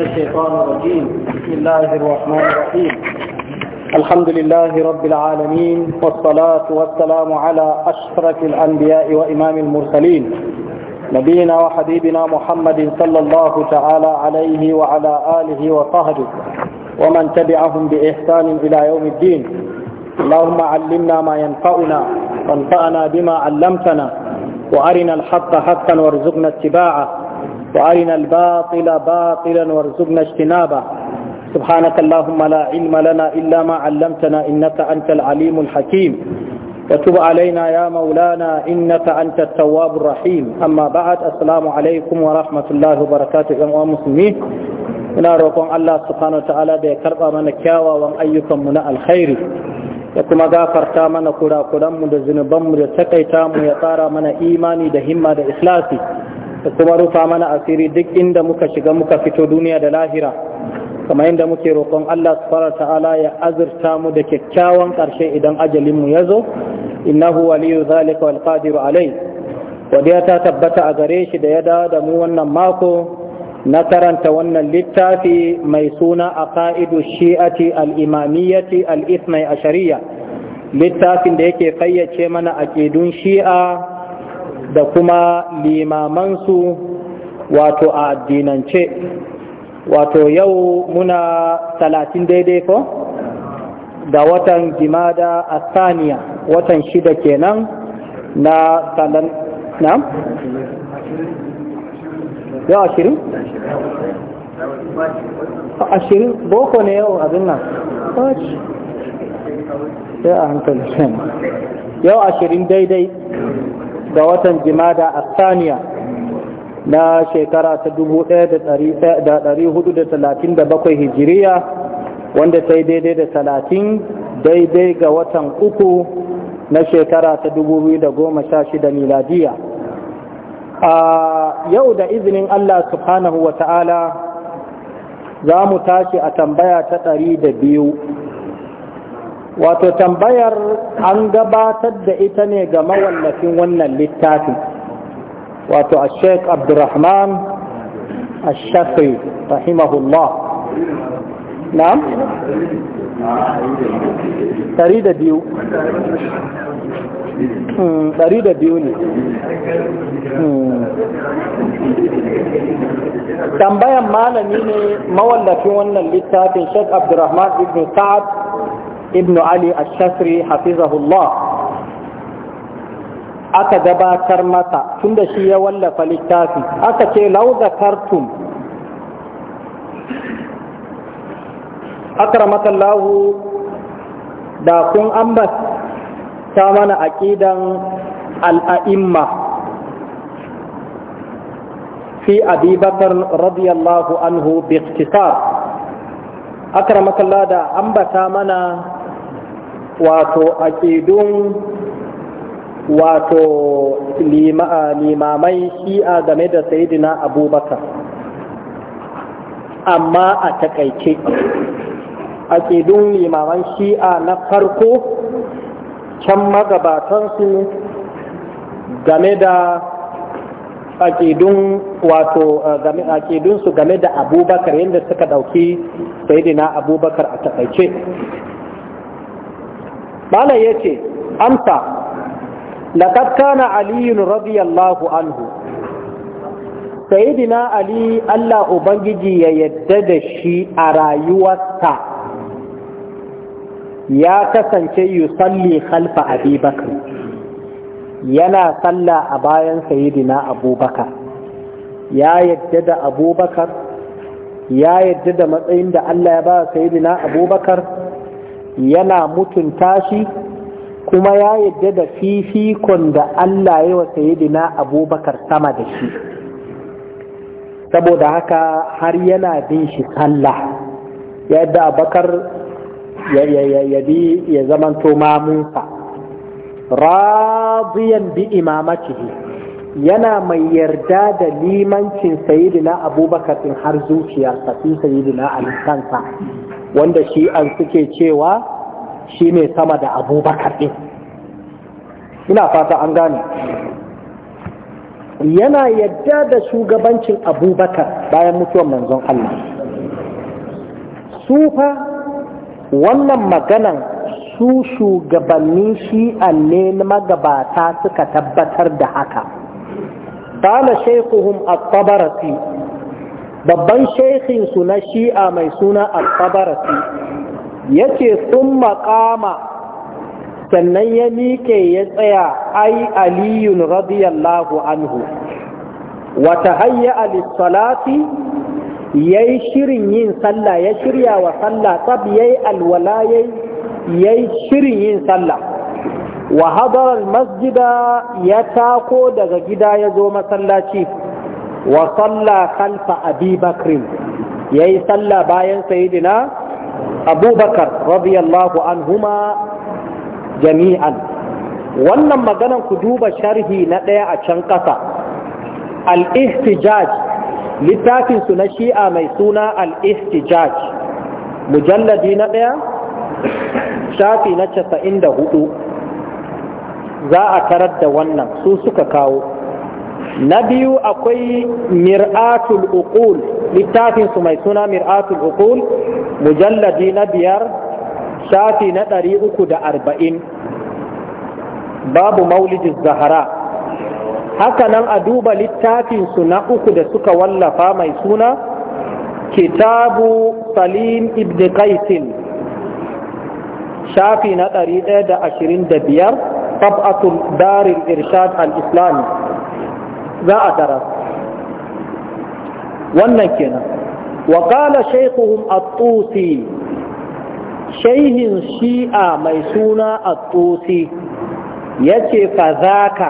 الشيطان الرجيم بسم الله الرحمن الرحيم الحمد لله رب العالمين والصلاة والسلام على أشرف الأنبياء وإمام المرسلين نبينا وحبيبنا محمد صلى الله تعالى عليه وعلى آله وصحبه ومن تبعهم بإحسان إلى يوم الدين اللهم علمنا ما ينفعنا وانفعنا بما علمتنا وأرنا الحق حقا وارزقنا اتباعه وارنا الباطل باطلا وارزقنا اجتنابه سبحانك اللهم لا علم لنا الا ما علمتنا انك انت العليم الحكيم وتب علينا يا مولانا انك انت التواب الرحيم اما بعد السلام عليكم ورحمه الله وبركاته يا مسلمين ina roƙon Allah subhanahu ta'ala da ya karɓa mana kyawawan ayyukanmu na alkhairi ya kuma gafarta mana kurakuranmu da zunubanmu da takaita mu ya tsara mana imani da himma da ikhlasi da kuma rufa mana asiri duk inda muka shiga muka fito duniya da lahira kamar yadda muke roƙon Allah subhanahu ta'ala ya azurta mu da kyakkyawan ƙarshe idan ajalin mu ya zo innahu waliyu zalika wal qadir alai wadiya ta tabbata a gare shi da ya dawo da mu wannan mako na karanta wannan littafi mai suna aqaidu shi'ati al-imamiyyati al ithna ashariya littafin da yake fayyace mana aqidun shi'a da kuma limamansu wato a addinance wato yau muna talatin daidai ko da watan jimada a saniya watan shida kenan na salan na? yau ashirin? ashirin boko ne yau abin nan ya a hankali yau ashirin daidai ga watan jimada asaniya na shekara ta 1437 hijiriya wanda ta yi daidai da talatin, daidai ga watan uku na shekara ta 2016 miladiya a yau da izinin Allah subhanahu wa ta'ala za mu tashi a tambaya ta ɗari da biyu. wato tambayar an gabatar da ita ne ga mawallafin wannan littafin wato a sheik abdurrahman ashafi rahimahullah na? ɗari biyu ɗari da biyu ne tambayan malami ne mawallafin wannan littafin sheik abdurrahman ibn sa'ad ibn ali ash-shasri hafizahullah aka gabatar masa tunda shi ya wallafa littafi aka ce lau zakartum akramakallahu da kun ambata mana aqidan al'a'imma fi abi bakar radiyallahu anhu bi iktisar akramakallahu da ambata mana wato aƙidun wato limamai shi'a game da sayidina abubakar amma a takaice aƙidun limaman shi'a na farko can magabatansu game da aƙidun wato game da abubakar yadda suka ɗauki sayidina abubakar a takaice bala ya ce amsa laqad kana aliyun radiyallahu anhu sayidina ali allah ubangiji ya yadda da shi a rayuwarsa ya kasance yusalli khalfa abi bakr yana salla a bayan sayidina abubakar ya yadda da abubakar ya yadda da matsayin da allah ya ba sayidina abubakar yana mutunta shi kuma ya yadda da fifikon da Allah ya wa sayidina abubakar sama da shi saboda haka har yana bin shi sallah yadda abubakar ya bi ya zamanto mamunsa radiyan bi imamatihi yana mai yarda da limancin sayidina abubakar har zuciyarsa fi sayidina alikansa wanda shi an suke cewa shi ne sama da abubakar ɗin ina fata an gane yana yadda da shugabancin abubakar bayan mutuwan manzon Allah su fa wannan maganan su shugabanni shi'an ne magabata suka tabbatar da haka Ba na shaikuhun a الطبرسي babban su na shi'a mai suna al-tabarasi ya ce sun makama sannan ya miƙe ya tsaya ai aliyun radiyallahu anhu wata hayya alisalati ya yi shirin yin sallah ya shirya wa sallah tsab ya yi alwala ya yi shirin yin sallah wa masjida ya tako daga gida ya zo masallaci wa salla khalfa abi bakrin yayi salla bayan sayidina abubakar radiyallahu huma jami'an wannan maganan ku duba sharhi na ɗaya a can ƙasa al littafinsu na shi'a mai suna al-ihtijaj mujalladi na ɗaya shafi na casa'in da huɗu za a tarar da wannan su suka kawo na biyu akwai mir'atul uqul littafin su mai suna mir'atul uqul mujalladi na biyar shafi na ɗari uku da arba'in babu maulidin zahara hakanan a duba littafin su na uku da suka wallafa mai suna kitabu salim ibn qaisin shafi na ɗari ɗaya da ashirin da biyar tab'atul daril irshad al-islami za a tarar wannan kenan wa qala shaykhuhum at-tusi shayhin shi'a mai suna at-tusi yace fa zaka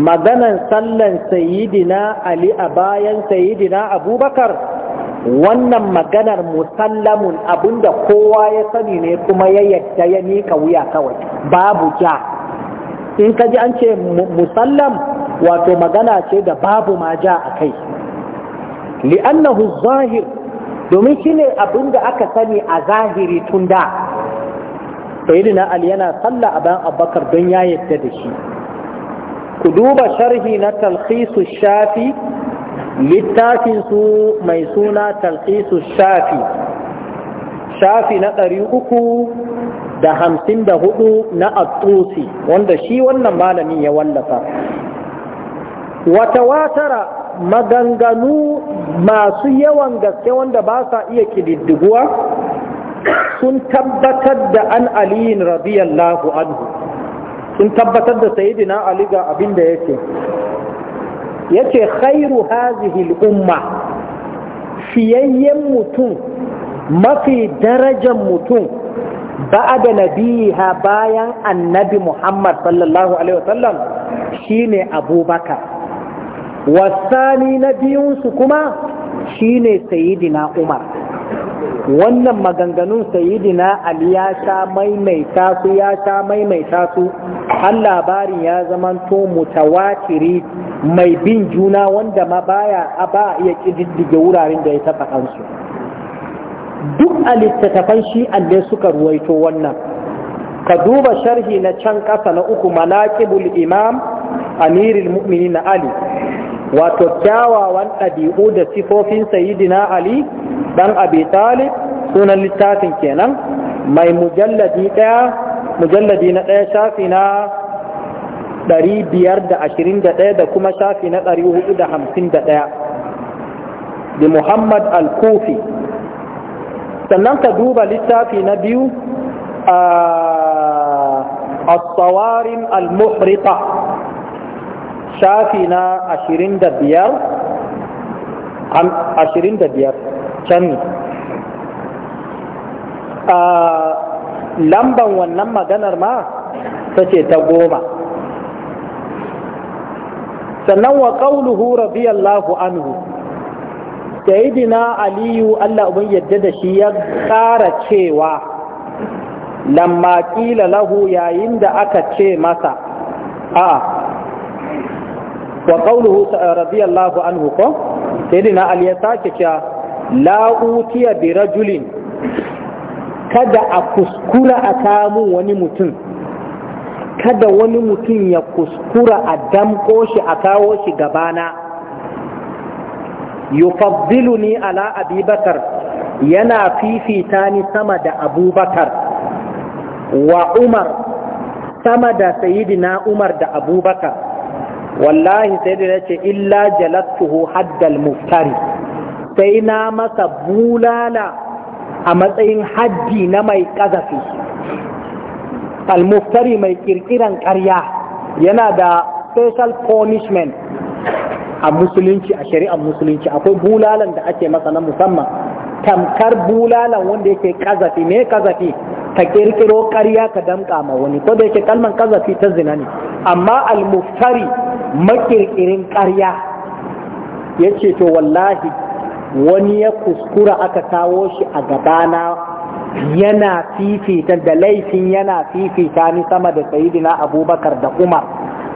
maganan sallan sayyidina ali a bayan sayyidina abubakar wannan maganar musallamun abinda kowa ya sani ne kuma ya yadda ya mika wuya kawai babu ja in ka ji an ce musallam wato magana ce da babu ma ja a kai li'annahu zahir domin shi ne abin da aka sani a zahiri tun da na ali yana sallah a bayan abubakar don ya yadda da shi ku duba sharhi na talhisu shafi littafin su mai suna talhisu shafi shafi na ɗari uku da hamsin da hudu na atusi wanda shi wannan malamin ya wallafa watawatara maganganu masu yawan gaske wanda ba sa iya kididdiguwa sun tabbatar da an aliyin radiyallahu anhu sun tabbatar da saidina ali ga abinda yace. yake yace khairu hazihi umma fiyayyen mutum mafi darajan mutum ba'ada nabiha bayan annabi muhammad sallallahu alaihi wasallam shine abubakar wasani na biyunsu kuma shine sayidina umar wannan maganganun sayidina ali ya sha maimaita su ya sha maimaita su har labarin ya zamanto mutawatiri mai bin juna wanda ma baya a ba iya kididdige wuraren da ya taɓa kansu duk a littattafan shi alle suka ruwaito wannan ka duba sharhi na can ƙasa na uku malaƙibul imam amirul na ali wato kyawawan ɗabi'u da sifofin sayidina ali dan abi talib sunan littafin kenan mai mujalladi ɗaya mujalladi na ɗaya shafi na 521 da kuma shafi na 451 da muhammad al-kufi sannan ka duba littafi na biyu a al-muhrita shafi na ashirin da biyar ashirin da biyar can ne lamban wannan maganar ma ta ce ta goma sannan wa ƙauluhu radiyallahu anhu sayidina aliyu allah ubin yadda da shi ya ƙara cewa lamma ƙila lahu yayin da aka ce masa a wa qawluhu eh, radiyallahu anhu ko sayyidina ali ya sake cewa la utiya bi rajulin kada a kuskura a kamu wani mutum kada wani mutum ya kuskura a damko shi a kawo shi gabana yufaddilu ni ala abubakar yana fifita ni sama da abubakar wa umar sama da saidina umar da abubakar wallahi sai da ce illa jalattuhu haddal muftari sai na masa bulala a matsayin haddi na mai kazafi al-muftari mai kirkiran ƙarya yana da special punishment a musulunci a shari'ar musulunci akwai bulalan da ake masa na musamman tamkar bulalan wanda yake kazafi ne kazafi ka kirkiro ƙarya ka damƙa ma wani ko da yake kalman kazafi ta zina ne amma al-muftari makirkirin ƙarya ya ce to wallahi wani ya kuskura aka kawo shi a gabana yana fifita da laifin yana fifita ni sama da sayidina abubakar da umar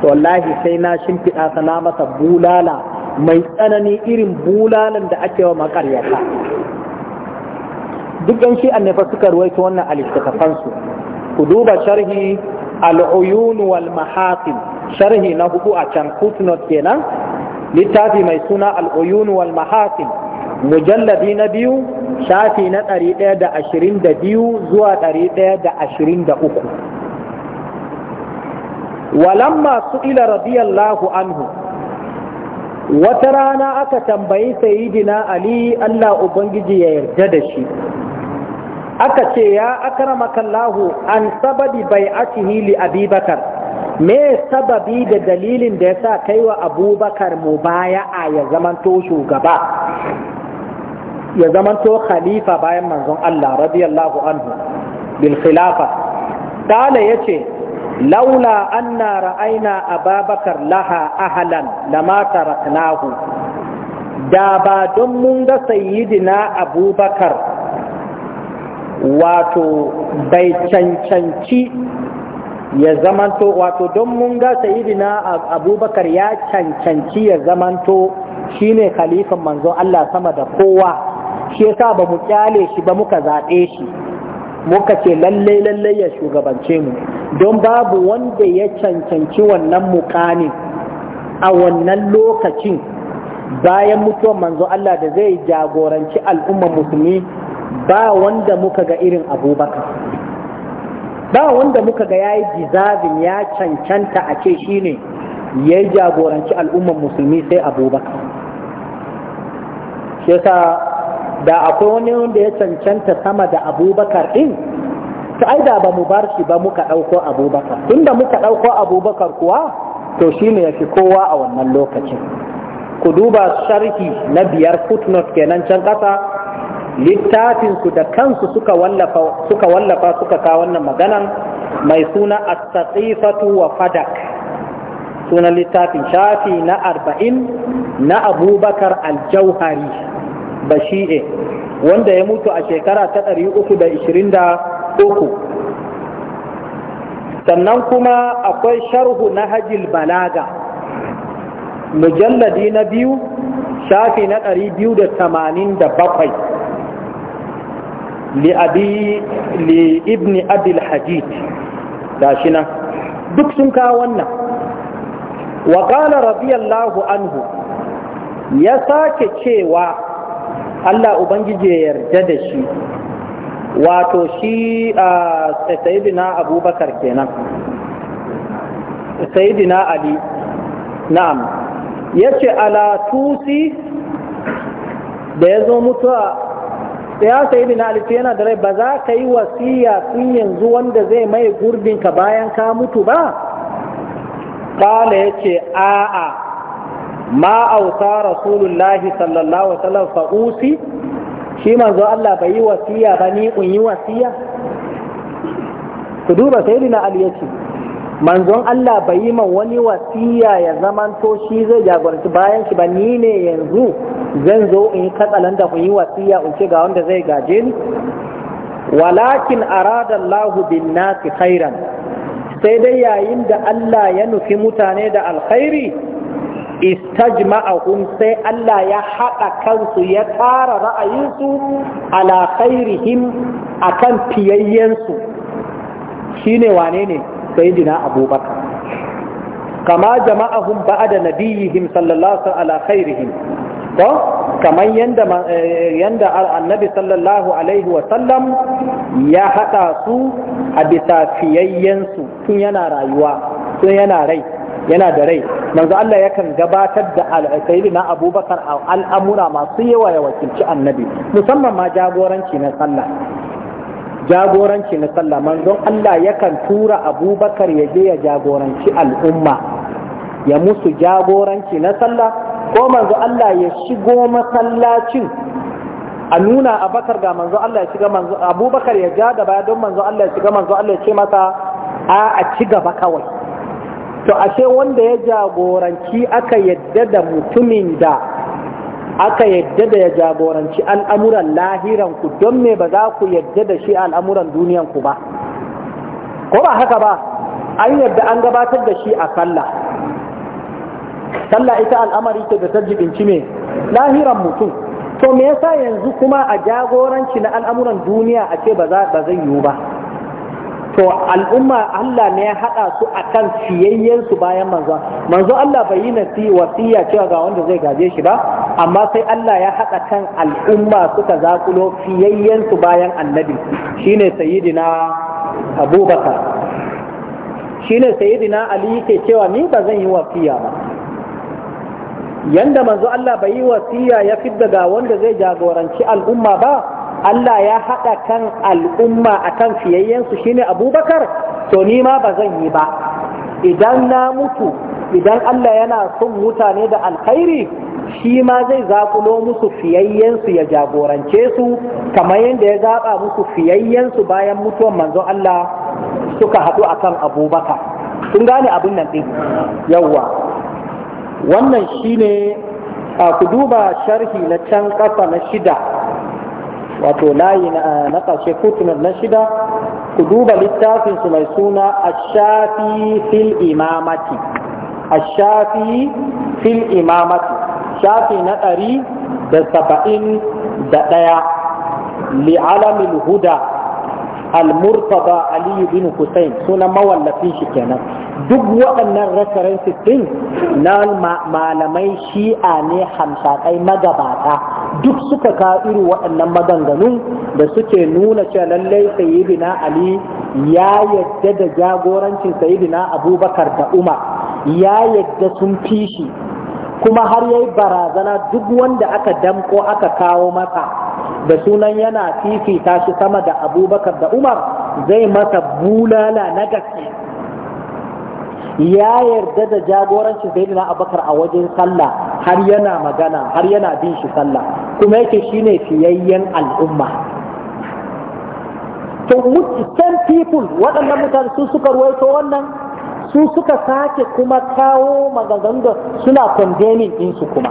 to wallahi sai na shimfiɗa sana masa bulala mai tsanani irin bulalan da ake wa makaryata duk yan shi annafa suka ruwaito wannan a ku duba sharhi al-uyun wal mahatim sharhi na hudu a can footnote kenan littafi mai suna al'uyun wal mahasin mujalladi na biyu shafi na ɗari ɗaya da ashirin da biyu zuwa ɗari ɗaya da ashirin da uku walamma su ila radiyallahu anhu wata rana aka tambayi sayidina ali allah ubangiji ya yarda da shi aka ce ya akrama Kallahu an sababi bai'atihi li abubakar me sababi da dalilin da ya sa kai wa abubakar a ya zamanto shugaba ya zamanto khalifa bayan manzon Allah radiyallahu anhu bil khilafa tala yace laula anna ra'aina ababakar laha ahlan lama taraknahu da ba don mun ga sayyidina abubakar wato bai cancanci ya zamanto wato don mun ga sayidina abubakar ya cancanci ya zamanto shine khalifan manzon Allah sama da kowa shi yasa ba mu kyale shi ba muka zaɓe shi muka ce lalle lalle ya shugabance mu don babu wanda ya cancanci wannan mukamin a wannan lokacin bayan mutuwar manzo Allah da zai jagoranci al'ummar musulmi ba wanda muka ga irin abubakar ba wanda muka ga yayi deserving ya cancanta a ce shine ya jagoranci al'umman musulmi sai abubakar shi yasa da akwai wani wanda ya cancanta sama da abubakar din to ai ba mu bar shi ba muka ɗauko abubakar tunda muka ɗauko abubakar kuwa to shine ya fi kowa a wannan lokacin ku duba sharhi na biyar footnote kenan can ƙasa littafinsu da kansu suka wallafa suka kawo ka wannan maganan mai suna as taqifatu wa fadak sunan littafin shafi na arba'in na abubakar al-jauhari bashi'e wanda ya mutu a shekara ta ɗari uku da ishirin da uku sannan kuma akwai sharhu na hajjil balaga mujalladi na biyu shafi na ɗari biyu da tamanin da bakwai li abi li ibn abil hajij gashi nan duk sun kawo wannan wa qala radiyallahu anhu ya sake cewa Allah ubangije ya yarda da shi wato shi a sayidina abubakar kenan sayidina ali na'am ya ce ala tusi da ya zo mutuwa da ya sayi na alifi yana da rai ba za ka yi wasiya tun yanzu wanda zai mai gurbin ka bayan ka mutu ba kala ya ce a'a ma auta rasulullahi sallallahu alaihi wasallam fa usi shi manzo Allah bai yi wasiya ba ni in yi wasiya ku duba sayyidina ali yace manzon Allah bai yi man wani wasiya ya zamanto shi zai jagoranci bayan shi ba ni ne yanzu zan zo in yi katsalan da yi wasiya in ce ga wanda zai gaje ni walakin arada Allah bin nasi khairan sai dai yayin da Allah ya nufi mutane da alkhairi istajma'ahum sai Allah ya haɗa kansu ya tara ra'ayinsu ala khairihim akan fiyayyensu shine wane ne sayyidina abubakar kama jama'ahum ba'da nabiyihim sallallahu ala khairihim to kamar yanda eh, yanda annabi sallallahu alaihi wa sallam ya hada su a bisa fiyayyen su tun yana rayuwa tun yana rai yana da rai manzo Allah yakan gabatar da sayyidina Abubakar a al'amura masu yawa ya wakilci annabi musamman ma jagoranci na sallah jagoranci na sallah manzon Allah yakan tura abubakar ya je ya jagoranci al'umma ya musu jagoranci na sallah ko manzo Allah ya shigo masallacin a nuna Abubakar ga manzo Allah ya shiga manzo abubakar ya ja baya don manzo Allah ya shiga manzo Allah ya ce masa a a ci gaba kawai to ashe wanda ya jagoranci aka yadda da mutumin da aka yadda da ya jagoranci al'amuran lahiran ku don me ba za ku yadda da shi al'amuran duniyanku ba ko ba haka ba an yadda an gabatar da shi a sallah sallah ita al'amari ce da ta jibinci me lahiran mutum to me yasa yanzu kuma a jagoranci na al'amuran duniya a ce ba zai yiwu ba to al'umma Allah ne ya haɗa su a kan siyayyen su bayan manzo manzo Allah bai yi nasi wasiya cewa ga wanda zai gaje shi ba amma sai Allah ya haɗa kan al'umma suka zakulo fiyayyen su bayan annabi shine sayyidina Abubakar shine sayyidina Ali yake cewa ni ba zan yi wasiya ba yanda manzo Allah bai yi wasiya ya fidda ga wanda zai jagoranci al'umma ba Allah ya haɗa kan al'umma a kan fiyayyensu shine abubakar to ni ma ba zan yi ba idan na mutu idan Allah yana son mutane da alkhairi shi ma zai zakulo musu fiyayyensu ya jagorance su kamar yadda ya zaɓa musu fiyayyensu bayan mutuwan manzon Allah suka haɗu akan abubakar sun gane abin nan ɗin yawwa wannan shine a ku duba sharhi na can ƙasa na shida wato layi eh, na ƙarshe footnote na shida ku duba littafinsu mai suna ashafi fil imamati ashafi fil imamati shafi na ɗari da saba'in da ɗaya li'alamil huda al-murtaba ali bin husayn sunan mawallafi shi kenan duk waɗannan references din na malamai shi'a ne hamsakai magabata duk suka ka iri waɗannan maganganu da suke nuna cewa lallai sayyidina ali ya yadda da jagorancin sayyidina abubakar da umar ya yadda sun fi shi kuma har yayi barazana duk wanda aka damko aka kawo maka da sunan yana fifita shi sama da abubakar da umar zai masa bulala na gaske ya yarda da jagoranci zai na abubakar a wajen sallah har yana magana har yana bin shi sallah kuma yake shine fiyayyen al'umma to some people waɗannan mutane su suka ruwaito wannan su suka sake kuma kawo maganganga suna condemning ɗinsu kuma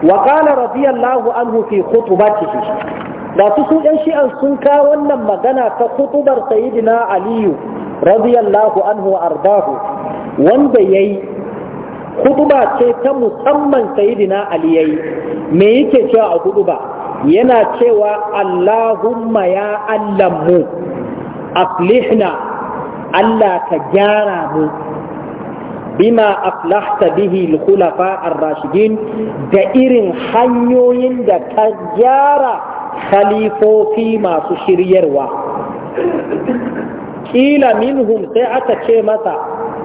wa qala radiyallahu anhu fi khutbatihi da su su ɗan shi'an sun kawo wannan magana ta khutubar sayyidina aliyu radiyallahu anhu ardahu wanda yayi khutba ce ta musamman sayyidina ali yayi me yake cewa a khutba yana cewa allahumma ya mu, aslihna Allah ka gyara mu bima aflahta bihi al-khulafa rashidin da irin hanyoyin da ka gyara khalifofi masu shiryarwa kila minhum sai aka ce masa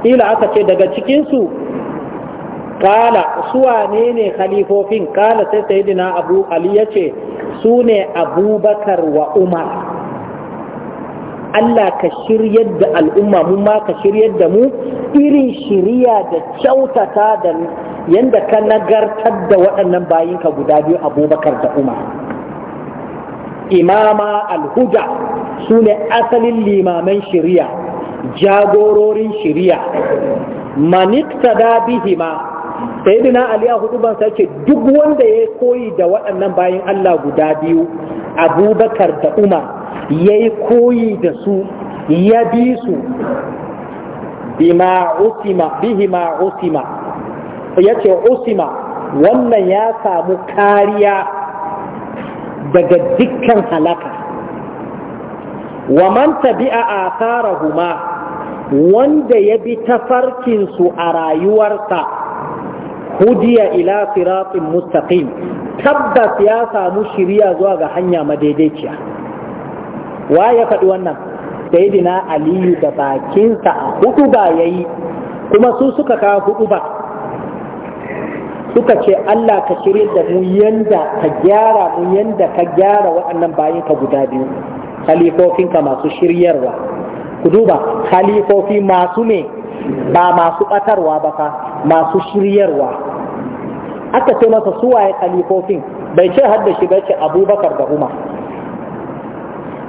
kila aka ce daga cikinsu kala su wane ne khalifofin kala sai sayidina abu ali yace ce su ne abubakar wa umar Allah ka shiryar da al'umma mu ma ka shiryar da mu irin shirya da kyautata da yanda ka nagartar da waɗannan bayinka guda biyu abubakar da umar imama alhuda su ne asalin limaman shirya jagororin shirya manikta da bihima sai ali a hudu ban sake duk wanda ya koyi da waɗannan bayan Allah guda biyu abubakar da umar ya yi koyi da su ya bi su usima bihi ma usima ya ce usima wannan ya samu kariya daga dukkan halaka wa man tabi'a asarahuma wanda ya bi tafarkinsu a rayuwarsa hudiya ila siratin mustaqim tabbas ya samu shiriya zuwa ga hanya madaidaiciya wa ya faɗi wannan dina aliyu da bakinsa a hudu ba yayi kuma su suka kawo hudu ba suka ce Allah ka shirye da mu yanda ka gyara mu yanda ka gyara waɗannan bayan ka guda biyu ka masu shiryarwa ku duba khalifofi masu ne ba masu ɓatarwa ba fa masu shiryarwa aka ce masa suwaye khalifofin bai ce har da shi ce abubakar da umar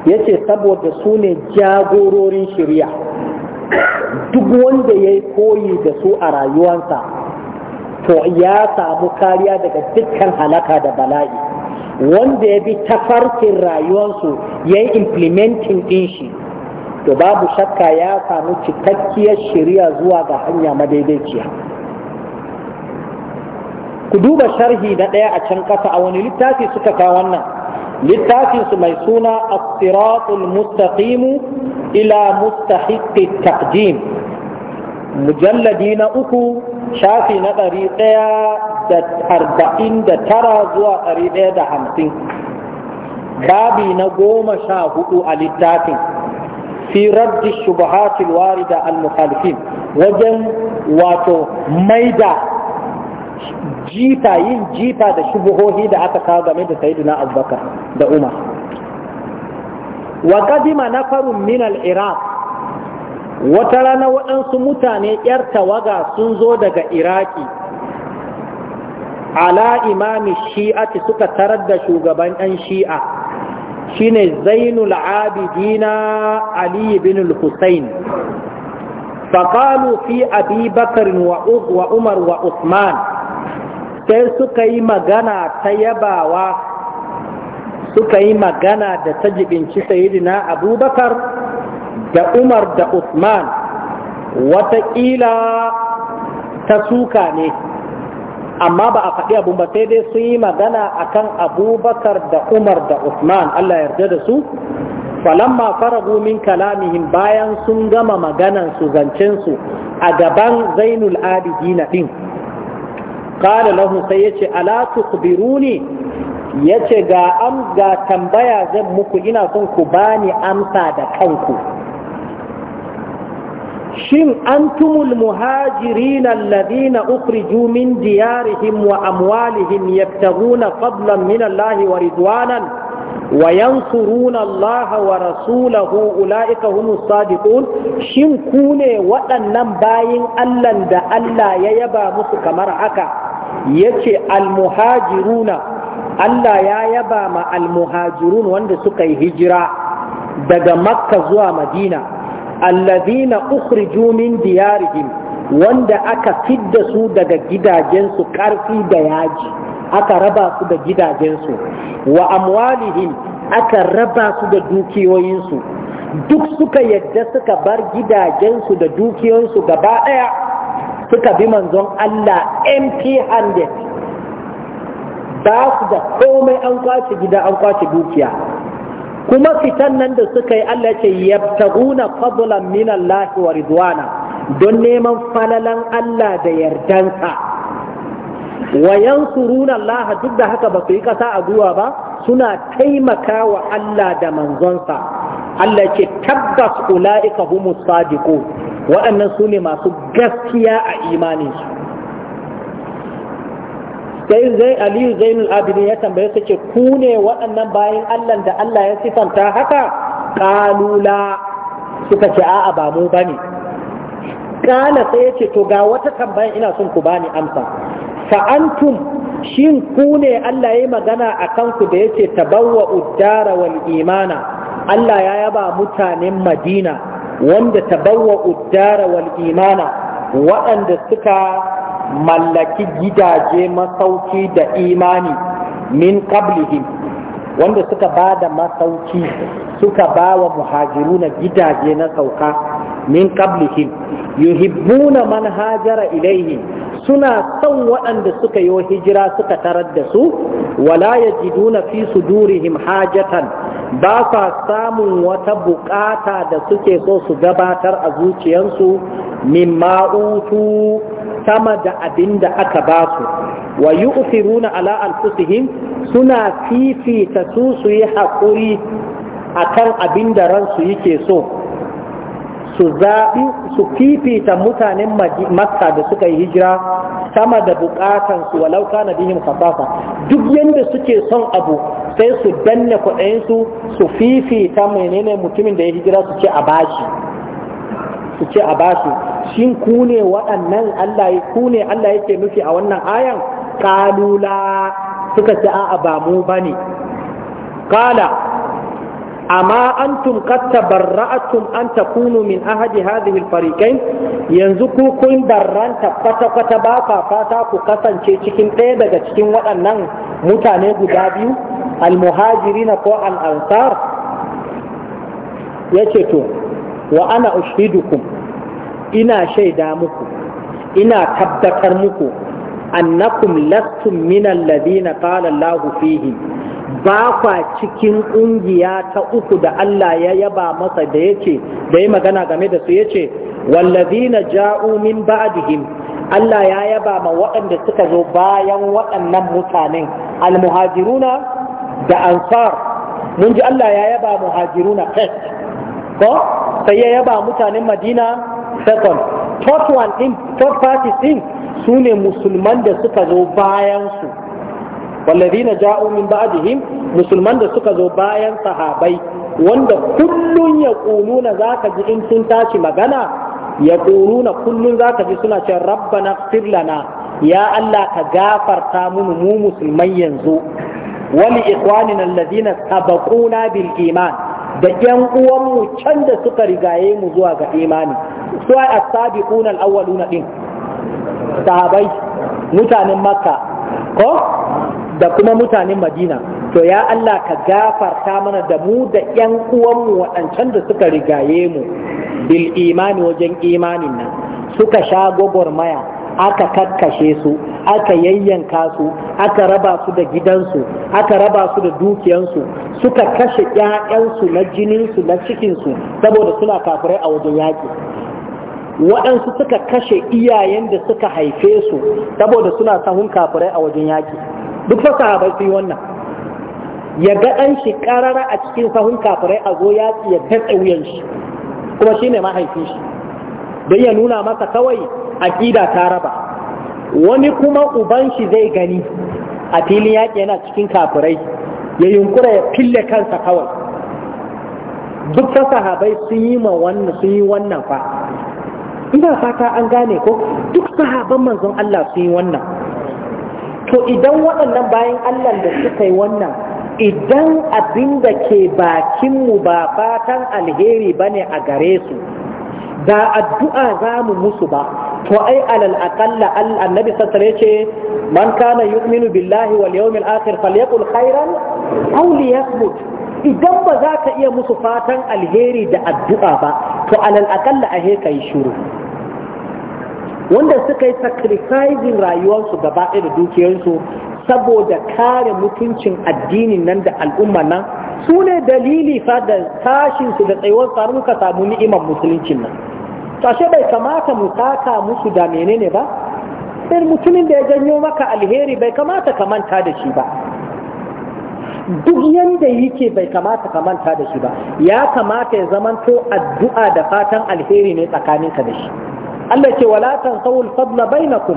ya ce saboda su ne jagororin shirya duk wanda ya yi koyi da su a rayuwansa to ya samu kariya daga dukkan halaka da bala'i wanda ya bi tafarkin rayuwansu ya yi implementing ɗin shi to babu shakka ya samu cikakkiyar shirya zuwa ga hanya madaidaiciya ku duba sharhi na ɗaya a can ƙasa a wani littafi suka kawo wannan Littafinsu mai suna as-siratul ila mustahiqqi taqdim mujalladi na uku shafi na ɗari ɗaya da arba'in da tara zuwa ɗari ɗaya da hamsin babi na goma sha hudu a littafin fi raddi shubahatil warida al-mukhalifin wajen wato maida jita yin jita da shubuhohi da aka kawo game da sayyidina abubakar da umar wa kadima nafarun min al-iraq wata rana waɗansu mutane yar tawaga sun zo daga iraki ala imami shi'ati suka tarar da shugaban yan shi'a shine zainul abidina ali bin al-husayn فقالوا في أبي بكر وعمر وعثمان sai suka yi magana ta yabawa suka yi magana da ta jibinci sayidina abubakar da umar da usman watakila ta suka ne amma ba a faɗi abun ba sai dai sun yi magana akan abubakar da umar da usman allah yarda da su falamma faragu min kalamihim bayan sun gama maganan su zancensu a gaban zainul abidina din قال له سيئة ألا تخبروني yace ga am ga tambaya zan muku ina son ku bani amsa da kanku shin antumul muhajirin alladhina ukhriju min diyarihim wa amwalihim yabtaghuna fadlan min Allahi wa ridwanan wa yansuruna Allah wa rasulahu ulaika sadiqun shin ku ne waɗannan bayan Allah da Allah ya yaba musu kamar haka yace almuhajiruna Allah ya yaba ma almuhajirun wanda suka yi hijira daga makka zuwa madina alladhina ukhriju min diyarihim wanda aka fidda su daga gidajensu karfi da yaji aka raba su da gidajensu wa amwalihim aka raba su da dukiyoyinsu duk suka yadda suka bar gidajensu da dukiyoyinsu gaba ɗaya suka bi manzon Allah empty handed ba su da komai an kwace gida an kwace dukiya kuma fitan nan da suka yi Allah ce yabtaguna fadlan min Allah wa ridwana don neman falalan Allah da yardansa wa yansuruna Allah duk da haka ba su yi kasa a guwa ba suna taimaka wa Allah da manzonsa Allah ce tabbas ula'ika humus sadiqun waɗannan su ne masu gaskiya a imaninsu sai zai aliyu zainul abidin ya tambaye su ce ku ne waɗannan bayan allah da allah ya sifanta haka kalula suka ce a'a ba mu bane kala sai ya ce to ga wata tambayan ina son ku bani amsa antum shin ku ne allah ya magana a kanku da ya ce tabawwa wal imana allah ya yaba mutanen madina wanda ta uddara wal imana waɗanda suka mallaki gidaje masauki da imani min qablihim wanda suka ba da masauki suka ba wa muhajiruna gidaje na sauka min qablihim yuhibbuna man hajara ilaihim suna son waɗanda suka yi hijira suka tarar da su wala yajiduna fi sudurihim hajatan ba sa samun wata bukata da suke so su gabatar a zuciyarsu min ma'utu sama da abin da aka ba su wa na ala anfusihim suna fifita su su yi haƙuri akan abin da ransu yake so su zaɓi su fifita mutanen makka da suka yi hijira sama da bukatansu walau kana bihim khasasa duk yadda suke son abu sai su danne kwaɗayinsu su fifita menene mutumin da ya hijira su ce a bashi su ce a bashi shin ku ne waɗannan Allah ku ne Allah yake nufi a wannan ayan kalula suka ce a'a ba mu bane kala amma an qad tabarra'atum an takunu min ahadi hadhihi al yanzu ku kun barranta kwata kwata ba ka fata ku kasance cikin ɗaya daga cikin waɗannan mutane guda biyu al ko al Ya yace to wa ana ushidukum ina shaida muku ina tabbatar muku annakum lastum min alladhina qala Allahu fihim ba kwa cikin ƙungiya ta uku da Allah ya yaba masa da yace da ya magana game da su yace wallazina ja'u min ba'dihim Allah ya yaba ma waɗanda suka zo bayan waɗannan mutanen almuhajiruna da ansar mun ji Allah ya yaba muhajiruna first ko sai ya yaba mutanen Madina second third one din third party din sune musulman da suka zo bayan su والذين جاءوا من بعدهم مسلمان da suka zo bayan sahabai wanda kullun ya kununa zaka ji in sun tashi magana ya kununa kullun zaka ji suna cewa rabbana ighfir lana ya Allah ka gafarta mun mu musulmai yanzu wali ikhwanina alladhina sabaquna bil iman da yan uwanmu can da suka rigaye mu zuwa ga imani su a as-sabiquna al din sahabai mutanen makka ko da kuma mutanen madina to ya Allah ka gafarta mana da mu da ‘yan uwanmu waɗancan da suka rigaye mu bil imani wajen imanin nan suka sha gwagwarmaya aka kakkashe su aka yayyanka su aka raba su da gidansu aka raba su da dukiyansu suka kashe ‘ya'yansu na jininsu na cikinsu saboda suna kafirai a wajen yaƙi waɗansu suka kashe iyayen da suka haife su saboda suna sahun kafirai a wajen yaki. duk fa sahabai su yi wannan ya ga ɗan shi ƙarara a cikin sahun kafirai a zo ya ya datse wuyan shi kuma shi ne mahaifin shi don ya nuna masa kawai aƙida ta raba wani kuma uban shi zai gani a filin yaƙi yana cikin kafirai ya yunkura ya fille kansa kawai duk fa sahabai sun yi ma wannan sun yi wannan fa ina fata an gane ko duk sahaban manzon Allah sun yi wannan to idan waɗannan bayan Allah da suka yi wannan idan abin da ke bakinmu ba fatan alheri ba ne a gare su da addu'a za mu musu ba to ai alal aqalla annabi sassare ce man kana yu'minu billahi wal yawmil akhir falyaqul khairan aw liyasmut idan ba za ka iya musu fatan alheri da addu'a ba to alal aqalla ahe kai shuru wanda suka yi sacrificing rayuwarsu gaba ɗaya da dukiyarsu saboda kare mutuncin addinin nan da al'umma nan su ne dalili fa da tashinsu da tsayuwar tsarin muka samu ni'imar musuluncin nan tashe bai kamata mu taka musu da menene ba sai mutumin da ya janyo maka alheri bai kamata ka manta da shi ba duk yadda yake bai kamata ka manta da shi ba ya kamata ya zamanto addu'a da fatan alheri ne tsakaninka da shi Allah ke wala tansawu al-fadla bainakum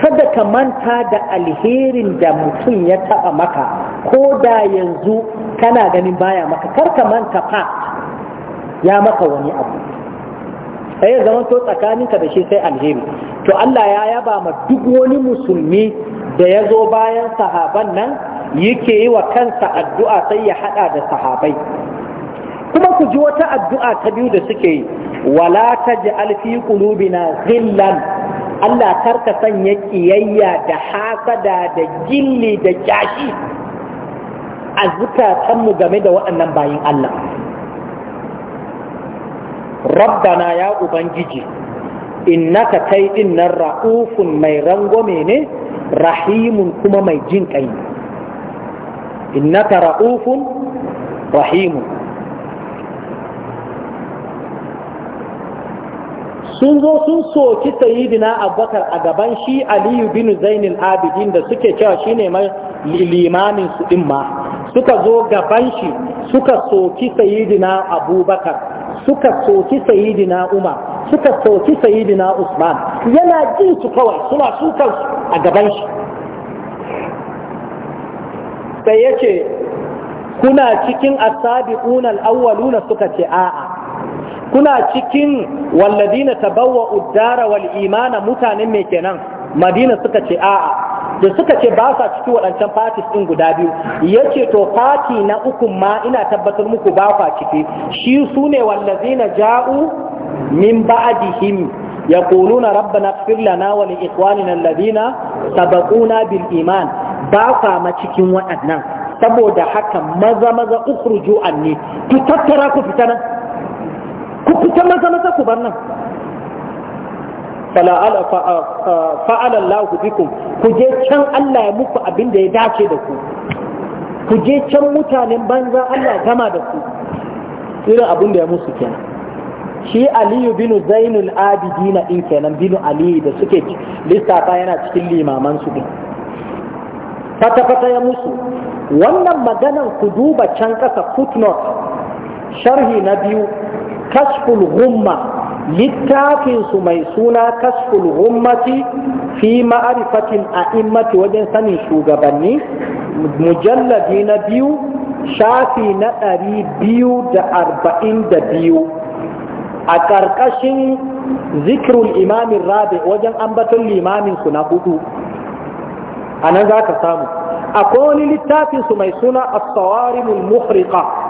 kada ka manta da alherin da mutum ya taɓa maka ko da yanzu kana ganin baya maka kar ka manta fa ya maka wani abu sai zama to tsakaninka da shi sai alheri to Allah ya yaba ma duk wani musulmi da ya zo bayan sahaban nan yake yi wa kansa addu'a sai ya hada da sahabai kuma ku ji wata addu'a ta biyu da suke yi wala ta taj'al fi qulubina zillan Allah karka sanya kiyayya da hasada da gilli da kyashi a zukatanmu game da waɗannan bayin Allah rabbana ya ubangiji innaka kai din nan ra'ufun mai rangwame ne rahimun kuma mai jin kai innaka ra'ufun rahimun sun zo sun soki sayidina abubakar a gaban shi aliyu bin zainul abidin da suke cewa shine limamin su din ma suka zo gaban shi suka soki sayidina abubakar suka soki sayidina umar suka soki sayidina usman yana jin su kawai suna sukan a gaban shi sai yace kuna cikin asabiquna al-awwaluna suka ce a'a kuna cikin walladina tabawwa uddara wal imana mutanen me kenan madina suka ce a'a da suka ce ba sa ciki waɗancan fatis ɗin guda biyu ya ce to fati na uku ma ina tabbatar muku ba kwa ciki shi su ne wallazina ja'u min ba'dihim yaquluna rabbana ighfir lana wa li ikhwanina alladhina sabaquna bil iman ba kwa ma cikin waɗannan saboda haka maza maza ukhruju anni ku tattara ku fita nan ku fita maza maza ku bar nan fa'ala Allah bikum ku je can Allah ya muku abin da ya dace da ku ku je can mutanen banza Allah gama da ku irin abin da ya musu kenan shi Aliyu bin Zainul Abidina din kenan binu Aliyu da suke lissafa yana cikin limaman su din fata-fata ya musu wannan maganan ku duba can ƙasa footnote sharhi na biyu kashful ghumma littafin su mai suna Kasful ghummati fi ma'rifatin a'immati wajen sanin shugabanni mujalladi na biyu shafi na ɗari biyu da arba'in da biyu a ƙarƙashin zikirul imamin rabe wajen ambaton limamin su na hudu a nan za ka samu akwai wani littafinsu mai suna asawarimul muhriqa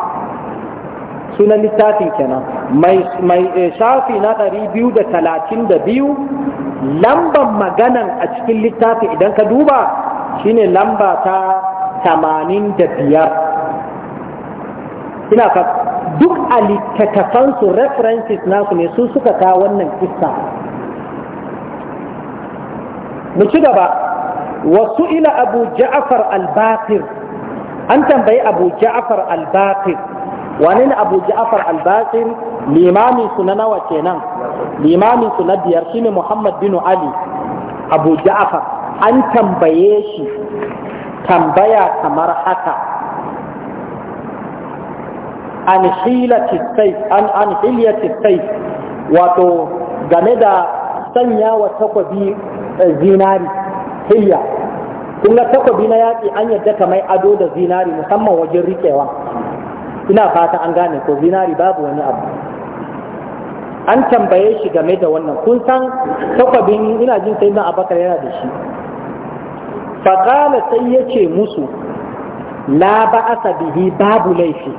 sunan littafin kenan mai eh, shafi na ɗari biyu da talatin da biyu lamban maganan a cikin littafin idan ka duba shine lamba ta tamanin da biyar ina ka duk a littattafansu references nasu ne su suka ta wannan kisa. mu ci gaba wasu ila abu ja'afar al an tambayi abu ja'afar al wani ne abu ja'afar al limamin su na nawa kenan limamin su na biyar shine muhammad bin ali abu ja'afar an tambaye shi tambaya kamar haka an hilati sai an an hilyati sai wato game da sanya wa takwabi eh, zinari hilya kun ga takobi na yaƙi an yadda kamai ado da zinari musamman wajen riƙewa ina fata an gane ko zinari babu wani abu an tambaye shi game da wannan kun san takwabin ina jin sai na abakar yana da shi faƙala sai yace musu la ba'asa bihi babu laifi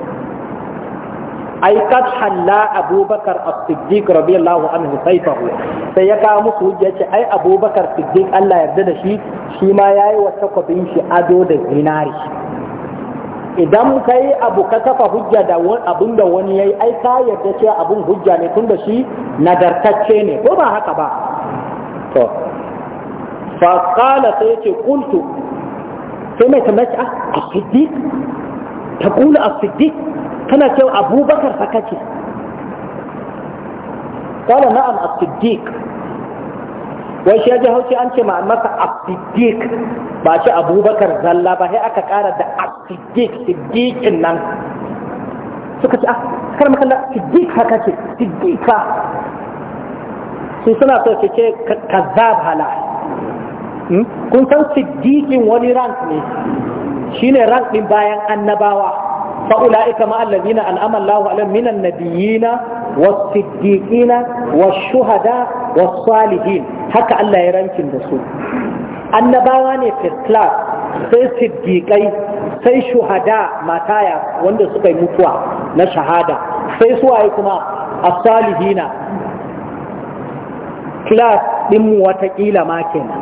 ai kat halla abubakar as-siddiq radiyallahu anhu sayfahu sai ya kawo musu yace ai abubakar siddiq Allah yarda da shi shi ma yayi wa takwabin shi ado da zinari idan ka yi abu ka kafa hujja da abun da wani ya yi ai ka yarda cewa abun hujja ne tun da shi nagartacce ne ko ba haka ba to fa qala sai yace qultu sai mai tambaci a ah, siddiq ta kula a siddiq kana cewa abubakar fa kace qala na'am as-siddiq Wai shi yaji haushi an ce masa asidik ba shi abubakar zalla ba sai aka kara da asidik sidikin nan suka ce ah kar makalla sidik haka ce sidika su suna so ce ce kazzab hala hmm? kun san sidikin wani rank ne shine rank din bayan annabawa فأولئك مع الذين أنعم الله عليهم من النبيين والصديقين والشهداء wasalihin haka Allah ya rankin da su annabawa ne first class sai siddiƙai sai shuhada mataya wanda suka yi mutuwa na shahada sai yi kuma asalihina class ɗinmu watakila ma kenan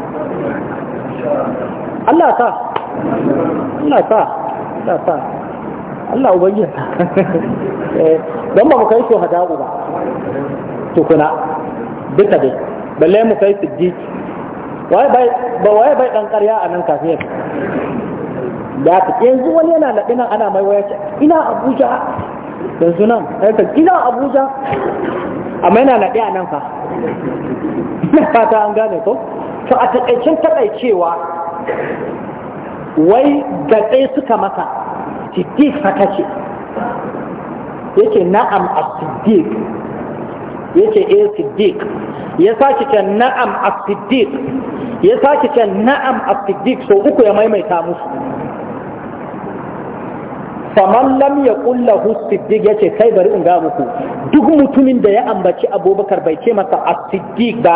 Allah sa Allah sa Allah sa Allah ubangiji eh, don ba mu kai shuhada ba tukuna duka dai balle mu kai Siddiki, waye bai ba waye bai dan ƙarya a nan kafin ya ta yanzu wani yana laɓe nan ana mai waya ina Abuja yanzu nan ina Abuja amma yana laɓe a nan fa fata an gane ko to a takaicin takaicewa wai gatse suka masa Siddiki fata ce yake na'am as-siddiq ce eh siddiq ya sake can na'am a siddiq ya sake can na'am a siddiq so uku ya maimaita musu faman lam ya kulla siddiq ya ce kai bari in ga muku duk mutumin da ya ambaci abubakar bai ce masa a siddiq ba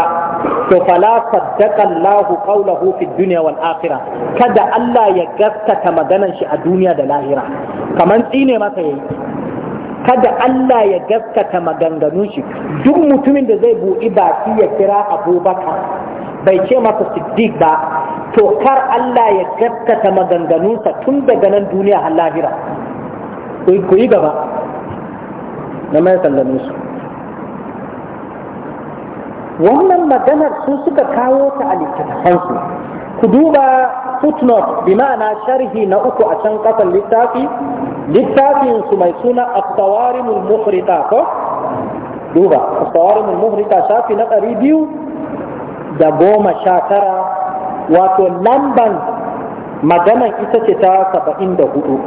to fala saddaqa Allah qawlahu fi dunya wal akhirah kada Allah ya gaskata maganan shi a duniya da lahira Kamar tsine masa yayi kada Allah ya gaskata maganganun shi duk mutumin da zai buɗi baki ya kira abubakar bai ce masa siddiq ba to kar Allah ya gaskata maganganunsa tun daga nan duniya har lahira ku yi gaba na mai sallamin su wannan maganar su suka kawo ta a littattafansu ku duba footnote bi ma'ana sharhi na uku a can kasan littafi littafin su mai suna astawarimul muhrita ko duba astawarimul muhrita shafi na ɗari biyu da goma sha tara wato lamban maganan ita ce ta saba'in da hudu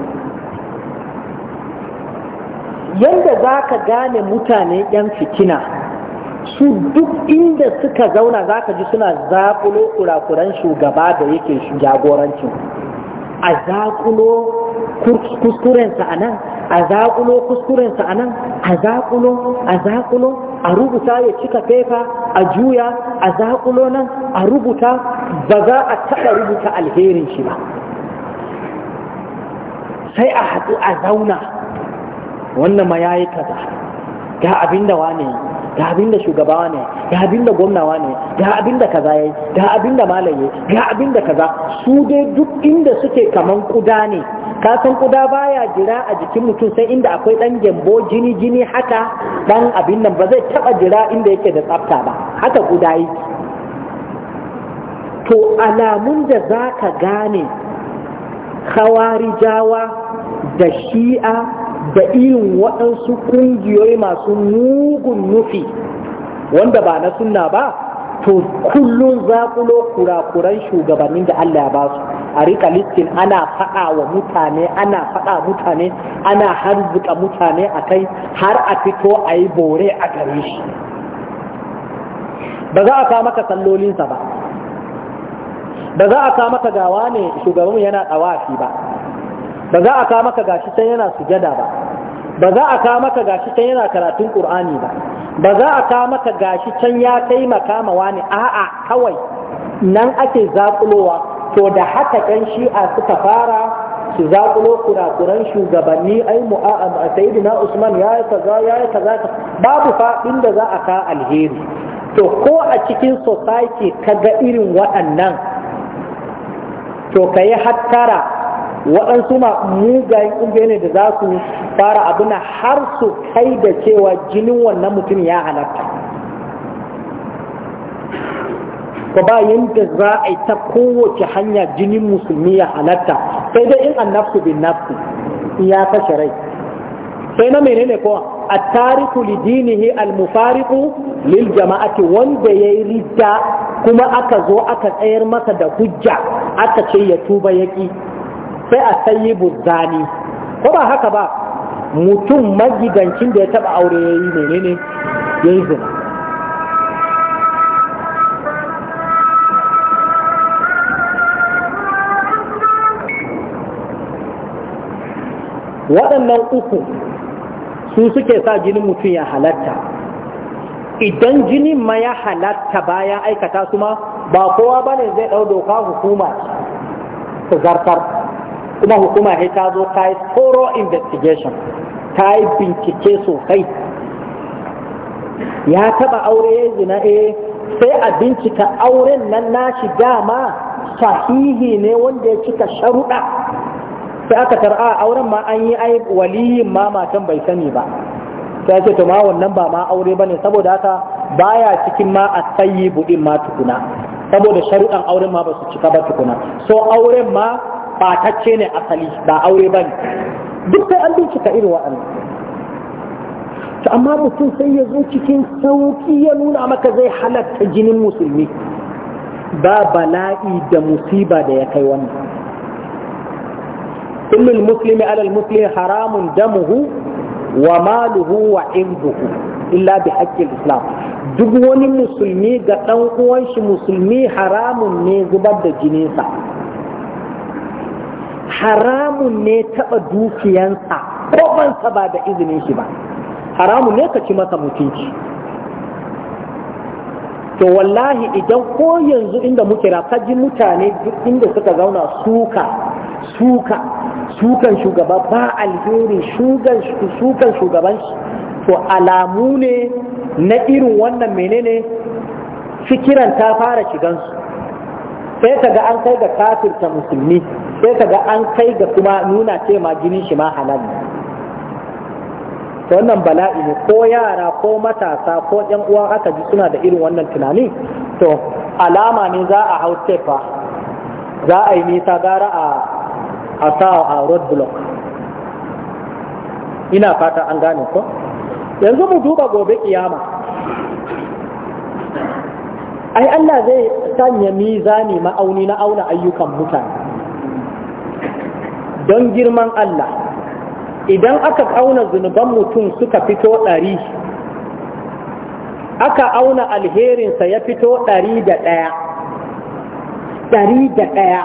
yadda za ka gane mutane 'yan fitina su duk inda suka zauna za ka ji suna zaƙulo kurakuran shugaba da yake jagorancin a zaƙulo kuskurensa a nan a zaƙulo kuskurensa a nan a zaƙulo a zaƙulo a rubuta ya cika fefa a juya a zaƙulo nan a rubuta ba za a taɓa rubuta alherin shi ba sai a haɗu a zauna wannan ma ya yi kaza ga abin da wane yi ga abin da shugabawa ne ga abin da gwamnawa ne ga abin da kaza yayi ga abin da malaye ga abin da kaza su dai duk inda suke kaman kuda ne ka san kuda baya jira a jikin mutum sai inda akwai dan gembo jini jini haka dan abin nan ba zai taba jira inda yake da tsafta ba haka kuda yi to alamun da zaka gane khawarijawa da shi'a da irin waɗansu ƙungiyoyi masu mugun nufi wanda ba na sunna ba to kullum zaƙulo kurakuran shugabannin da Allah ya ba su a riƙa listin ana faɗa wa mutane ana faɗa mutane ana harzuka mutane a kai har a fito a yi bore a gare shi ba za a ka maka sallolinsa ba ba za a ka maka gawa ne shugabanmu yana ɗawafi ba ba za a ka maka gashi can yana sujada ba ba za a ka maka gashi can yana karatun qur'ani ba ba za a ka maka gashi can ya kai makama wani a'a kawai nan ake zakulowa to da haka ɗan shi'a suka fara su zaƙulo kurakuran shugabanni ai a sayyidina Usman ya yi kaza ya kaza babu fa inda za a ka alheri to ko a cikin society ka ga irin waɗannan to ka yi hattara waɗansu ma mugayen ƙungiyoyi ne da za su fara abuna har su kai da cewa jinin wannan mutum ya halatta ko ba yadda za a yi ta kowace hanya jinin musulmi ya halatta sai dai in an nafsu bin nafsu ya kashe rai sai na menene ko a tariku al almufariku lil jama'ati wanda ya yi ridda kuma aka zo aka tsayar masa da hujja aka ce ya tuba yaki sai a sayi buzzani ko ba haka ba mutum magidancin da ya taba aure ya yi ne? ya yi zina waɗannan uku su suke sa jinin mutum ya halatta idan jinin ma ya halatta bayan aikata su ma ba kowa ba ne zai ɗau doka hukuma ta zartar kuma hukuma sai ta zo ta yi thorough investigation ta yi bincike sosai ya taba aure zina eh sai a bincika auren nan na nashi dama sahihi ne wanda ya cika sharuɗa sai aka tar'a ah, auren ma an yi ai waliyin ma matan bai sani ba sai ce to ma wannan ba ma aure bane saboda haka baya cikin ma a tsayi buɗin ma tukuna saboda sharuɗan auren ma ba su cika ba tukuna so auren ma batacce ne asali ba aure ba ne duk sai an bincika irin waɗannan to amma mutum sai ya zo cikin sauki ya nuna maka zai halatta jinin musulmi ba bala'i da musiba da ya kai wannan kullul muslimi alal muslimi haramun damuhu wa maluhu wa irduhu illa bi haƙƙin islam duk wani musulmi ga ɗan uwan shi musulmi haramun ne zubar da jininsa haramun ne taɓa dukiyansa ko ban saba da izinin shi ba haramun ne ka ci masa mutunci to wallahi idan ko yanzu inda muke ra ji mutane duk inda suka zauna suka suka sukan shugaba ba alheri sukan shugaban to alamu ne na irin wannan menene fikiran ta fara shigansu sai kaga an kai ga kafirta musulmi sai ka ga an kai ga kuma nuna ce ma jinin shi ma halal ne wannan bala'i ne ko yara ko matasa ko yan uwa aka ji suna da irin wannan tunani to alama ne za a hau tefa za a yi nisa gara a a a road block ina fata an gane ko yanzu mu duba gobe kiyama ai Allah zai sanya mizani ma'auni na auna ayyukan mutane don girman Allah idan aka auna zunuban mutum suka fito ɗari aka auna alherinsa ya fito ɗari da ɗaya ɗari da ɗaya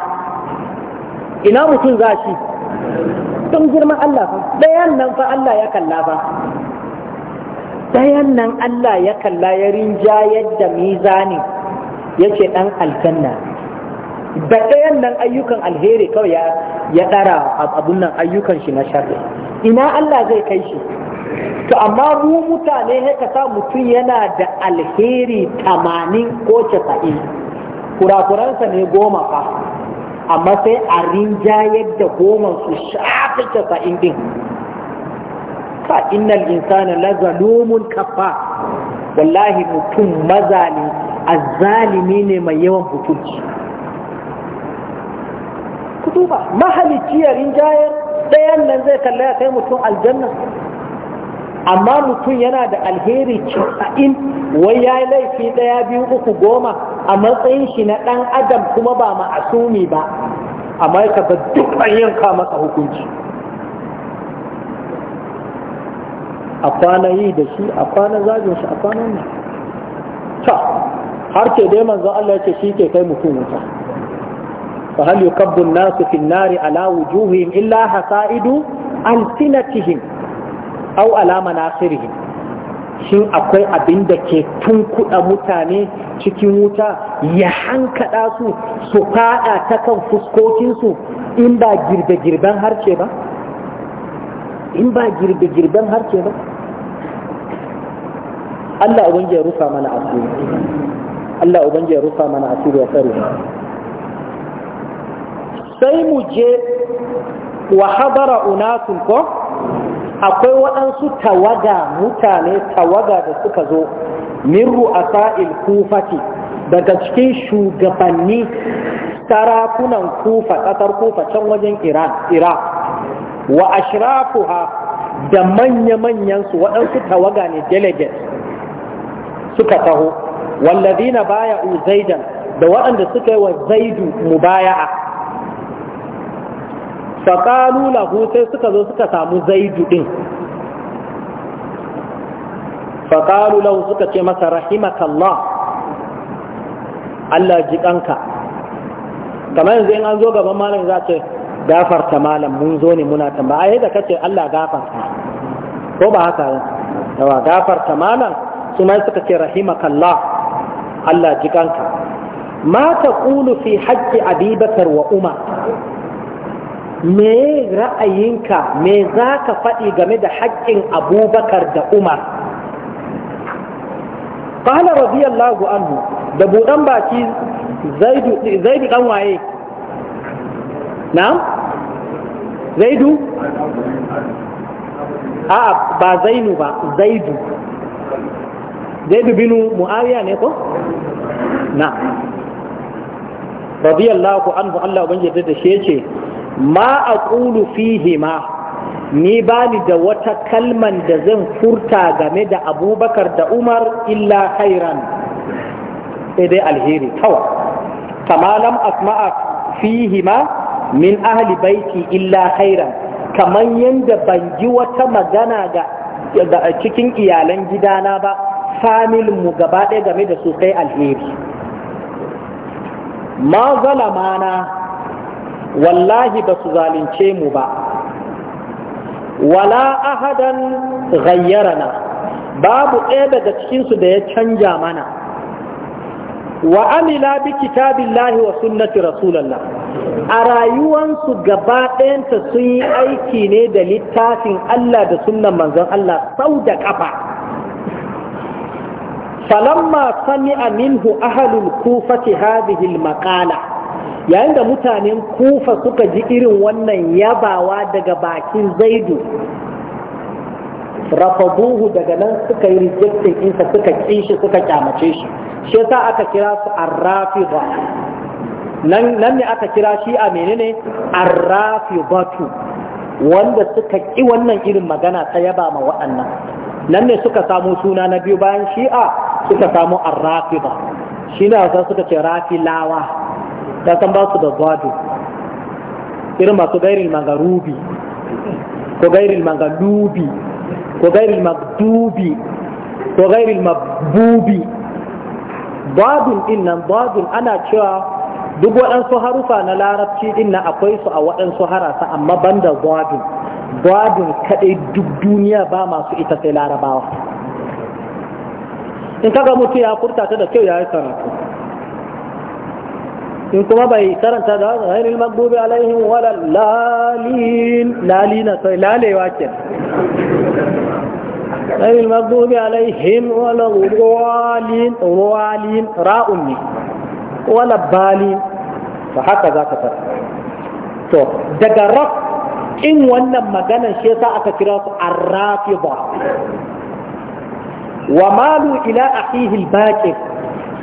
ina mutum za shi don girman Allah fa ɗayan nan fa Allah ya kalla fa ɗayan nan Allah ya kalla ya rinja yadda mizanin yake ɗan aljanna da ɗayan nan ayyukan alheri kawai ya ɗara abun nan ayyukan shi na sharri ina Allah zai kai shi to amma mu mutane haka sa mutum yana da alheri tamanin ko casa'in kurakuransa ne goma fa amma sai a rinjayar da goma su shafi casa'in din fa innal insana la zalumun kafa wallahi mutum mazalimi azzalimi ne mai yawan hukunci duba mahalicci ya rinjayar ɗayan nan zai kalla ya kai mutum aljanna amma mutum yana da alheri casa'in wai ya yi laifi ɗaya biyu uku goma a matsayin shi na ɗan adam kuma ba ma'asumi ba amma ya kaga duk an yanka masa hukunci a kwana yi da shi a kwana zagin shi a kwanan nan ta har ke dai manzo Allah ya ce shi ke kai mutum wuta fa hal yukabbu an-nasu fi an-nari ala wujuhihim illa hasaidu alsinatihim aw ala manakhirihim shin akwai abin da ke tunkuɗa mutane cikin wuta ya hankaɗa su su faɗa ta kan fuskokinsu in ba girbe-girben harce ba? in ba girbe-girben harce ba? Allah ubangiji ya rufa mana asiri Allah ubangiji ya rufa mana asiri ya tsare sai mu je wa hadara unasun ko akwai waɗansu tawaga mutane tawaga da suka zo a sa’il kufati daga cikin shugabanni sarakunan kufa ƙasar kufa can wajen iran iraq wa ashrafuha da manya-manyan su waɗansu tawaga ne delegates suka taho wallazina baya uzaidan da waɗanda suka yi wa zaidu mubaya'a faƙalu lahu sai suka zo suka samu zaidu ɗin faƙalu lahu suka ce masa rahimaka Allah Allah ji ɗanka kamar yanzu in an zo gaban malam za ce gafarta malam mun zo ne muna tambaya ai da kace Allah gafarta ko ba haka yawa gafarta malam su mai suka ce rahimaka Allah Allah ji ɗanka ma taqulu fi haqqi Abubakar wa Umar me ra'ayinka me za ka faɗi game da haƙƙin abubakar da umar ƙala radiyallahu anhu da buɗan baki zaidu ɗan waye na zaidu a ba zainu ba zaidu zaidu binu mu'ariya ne ko na radiyallahu anhu Allah ubangiji da shi ce ma a ƙulu fihima ni ba ni da wata kalman da zan furta game da abubakar da umar illa hairan sai dai alheri kawai kama asma'a fihima min ahli baiti illa hairan kamar yadda ban ji wata magana ga a cikin iyalan gidana ba Famili mu gaba ɗaya game da su sai alheri ma zalamana wallahi ba su zalunce mu ba wala ahadan ghayyarana babu ɗaya daga cikinsu da ya canja mana wa amila bi kitabillahi wa sunnati rasulallah a rayuwansu gaba ɗayanta sun yi aiki ne da littafin Allah da sunnan manzon Allah sau da ƙafa فلما Sani, Aminhu, أهل الكوفة هذه المقالة yayin da mutanen kufa suka ji irin wannan yabawa daga bakin zaidu rafaduhu daga nan suka yi rejectin insa suka ƙi suka kyamace shi shi yasa aka kira su arrafi ba. nan ne aka kira shi a menene tu wanda suka ƙi wannan irin magana ta yaba ma waɗannan nan ne suka samu suna na biyu bayan shi'a suka samu ba. shi ne suka ce lawa. da kan ba su da gwado irin masu gairin mangarubi ko gairin mangalubi ko gairin magdubi ko gairin magbubi babin din nan babin ana cewa duk waɗansu harufa na larabci din nan akwai su a waɗansu harasa amma banda babin babin kaɗai duk duniya ba masu ita sai larabawa in kaga mutu ya furta ta da kyau ya yi karatu إنكم أبي كرنت هذا غير المقبوب عليهم ولا لالين لالين صحيح لالي واكر غير المقبوب عليهم ولا الوالين الوالين راء أمي ولا بالين فحكى ذاك فرق تو دقرف إن وانا مدانا شيطا أتكراف الرافضة ومالوا إلى أخيه الباكر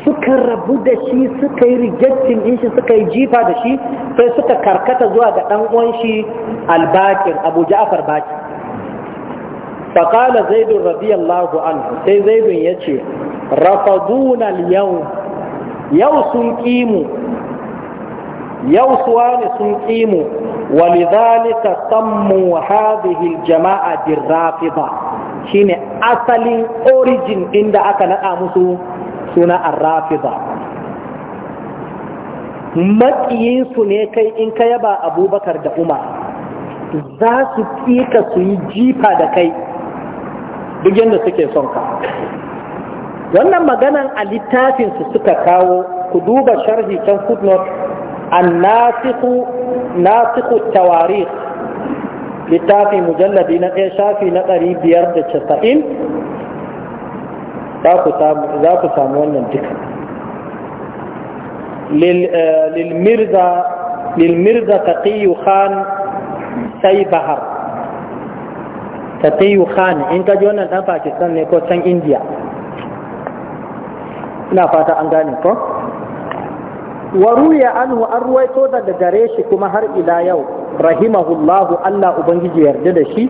suka rabu da shi suka yi rejectin din shi suka yi jifa da shi sai suka karkata zuwa ga dan uwan shi albakir abu ja'far baki faqala zaid radiyallahu anhu sai zaid yace rafaduna al-yawm yau sun kimu yau suwani sun kimu ولذلك سموا هذه الجماعة الرافضة shine asalin origin inda aka naɗa musu suna arrafiza maƙiyinsu ne kai in ka yaba abubakar da umar za su tsika su yi jifa da kai duk yadda suke son ka wannan maganan a littafinsu suka kawo ku duba sharhi can footnote an nasiku tawari littafi mujallabi na ɗaya shafi na ɗari biyar da casa'in za ku samu wannan duka lilmirza eh, taqiyu khan sai bahar taqiyu khan in ka ji wannan dan pakistan ne ko can india ina fata an gane ko waruya anhu an ruwaito daga gare shi kuma har ila yau rahimahullahu allah ubangiji yarda da shi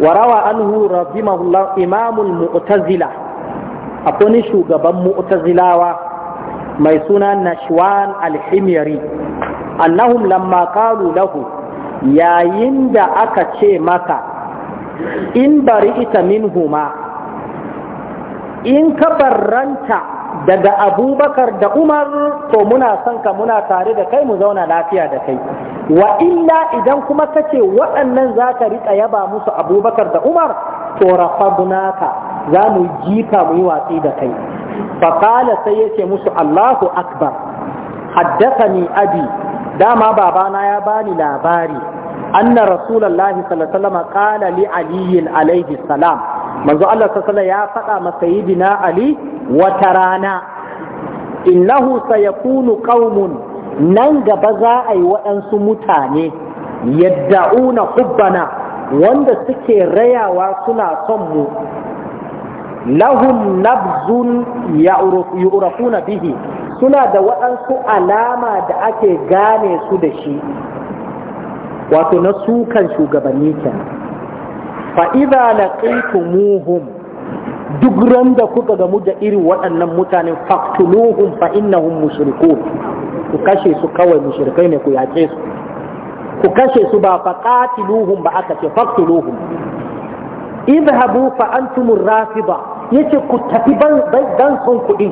warawa anhu rahimahullah imamul mu'tazila akwai shugaban mu'tazilawa mai suna nashwan alhimyari annahum lamma qalu lahu yayin da aka ce maka in bari ita huma in ka barranta daga abubakar da umar to muna son ka muna tare da kai mu zauna lafiya da kai wa illa idan kuma ka ce waɗannan za ka riƙa yaba musu abubakar da umar to rafadunaka za mu jika mu yi watsi da kai faƙala sai yake musu allahu akbar haddasa ni abi dama babana ya bani labari anna rasulullahi sallallahu alaihi ya faɗa ma sayyidina ali wata rana innahu sayakunu qaumun nan gaba za a yi waɗansu mutane yadda'una hubbana wanda suke rayawa suna son mu lahum nabzun yu'rafuna bihi suna da waɗansu alama da ake gane su da shi wato na sukan shugabanni kenan fa idza laqitumuhum duk ran da kuka gamu da irin waɗannan mutanen faktuluhum fa innahum mushrikun ku kashe su kawai mushrikai ne ku yace su ku kashe su ba fa qatiluhum ba aka ce faktuluhum idhabu fa antum rafida yace ku tafi ban dan sun kuɗi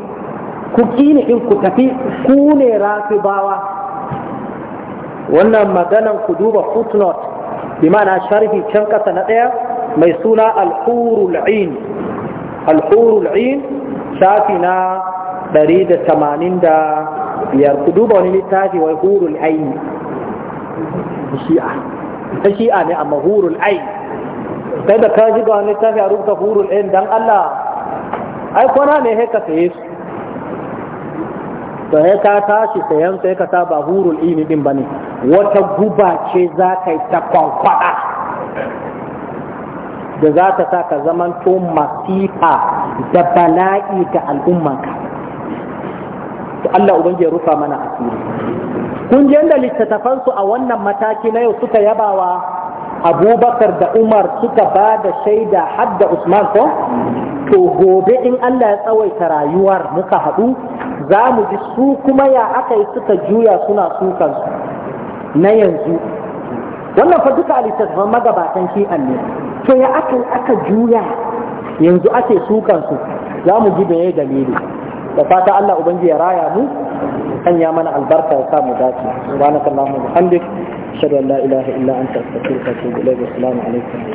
ku kine in ku tafi ku ne rafibawa? wannan maganan ku duba footnote bi ma'ana sharhi can kasa na ɗaya mai suna al-hurul ain al-hurul ain shafi na 185 ku duba wani littafi wai hurul ain shi'a ta shi'a ne amma hurul sai da ka ji ga wani littafi a rubuta hurul ain dan Allah ai kwana ne haka sai su sai ka tashi sayan sai ka sa ba hurul ini din bane wata guba ce za ka yi ta kwankwada da za ta sa ka zamanto masifa da bala'i ga al'ummanka Allah ubangiji rufa mana asiri kun je da littattafansu a wannan mataki na yau suka yabawa abubakar da umar suka ba da shaida hadda usman ko to gobe in allah ya tsawaita rayuwar muka haɗu za mu ji su kuma ya aka yi suka juya suna sukan su na yanzu wannan fa duka littattafan magabatan shi'an ne to ya aka aka juya yanzu ake sukan su za mu ji meye dalili da fata Allah ubangiji ya raya mu kan ya mana albarka ya sa mu dace subhanakallahumma wa bihamdik ashhadu an la ilaha illa anta astaghfiruka wa atubu ilayk assalamu alaikum